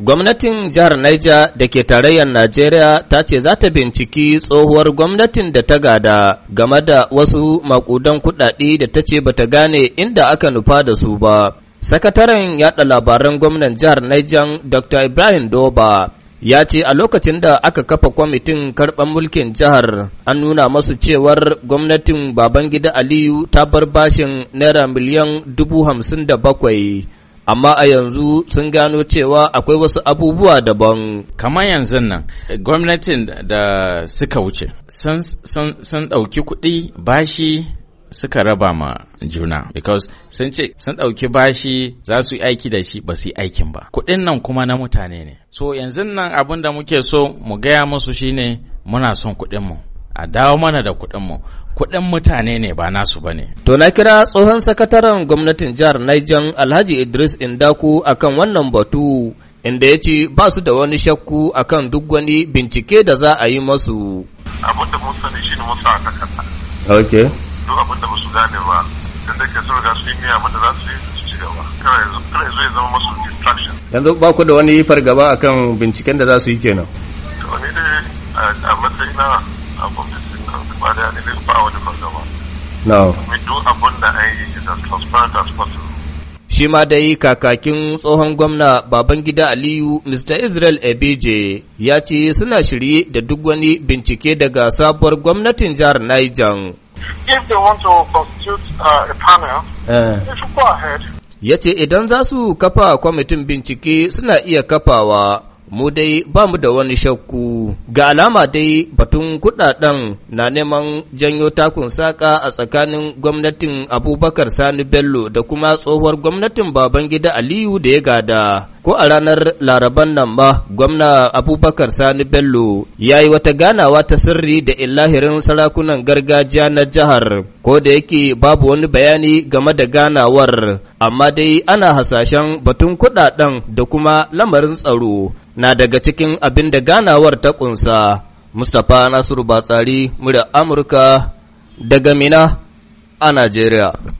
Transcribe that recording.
Gwamnatin jihar Niger da ke tarayyar Najeriya ta ce za ta binciki tsohuwar gwamnatin da ta gada game da wasu makudan kuɗaɗe da ta ce ba ta gane inda aka nufa da su ba. Sakataren yaɗa labaran gwamnan jihar Niger Dr. Ibrahim Doba ya ce a lokacin da aka kafa kwamitin karɓar mulkin jihar an nuna masu cewar gwamnatin Babangida Aliyu ta bar bashin naira miliyan dubu hamsin da bakwai. amma a yanzu sun gano cewa akwai wasu abubuwa daban. Kamar yanzu nan, gwamnatin da suka wuce, sun ɗauki kuɗi bashi suka raba ma juna because sun ce sun ɗauki bashi za su yi aiki da shi ba su yi aikin ba kuɗin nan kuma na mutane ne so yanzu nan abin da muke so mu gaya musu shine muna son kuɗin mu a dawo mana da kuɗinmu kuɗin mutane ne ba nasu ba ne. To na kira tsohon sakataren gwamnatin jihar Niger Alhaji Idris Indaku akan wannan batu inda ya ce ba su da wani shakku akan duk wani bincike da za a yi masu. Abin da mun sani shi ne mun sa aka Ok. Duk abin da ba su gane ba, don da ke sun su yi miya abin da za su yi su ci gaba. Kada yanzu ya zama masu distraction. Yanzu ba ku da wani fargaba akan binciken da za su yi kenan. To ni dai a matsayina a da yi dai kakakin tsohon gwamna Babangida Aliyu, Mr. Israel ebije ya ce suna shirye da duk wani bincike daga sabuwar gwamnatin jihar Niger. If Ya ce idan za su kafa kwamitin bincike suna iya kafawa, mu dai ba mu da wani shakku ga alama dai batun kudaden na neman janyo takun saka a tsakanin gwamnatin abubakar sani bello da kuma tsohuwar gwamnatin babangida aliyu da ya gada ko a ranar laraban nan ba gwamna abubakar sani bello ya yi wata ganawa ta sirri da illahirin sarakunan gargajiya na jihar ko da yake babu wani bayani game da ganawar amma dai ana hasashen batun kudaden da kuma lamarin tsaro na daga cikin abin da ganawar ta kunsa mustapha nasiru batsari murya amurka daga mina a najeriya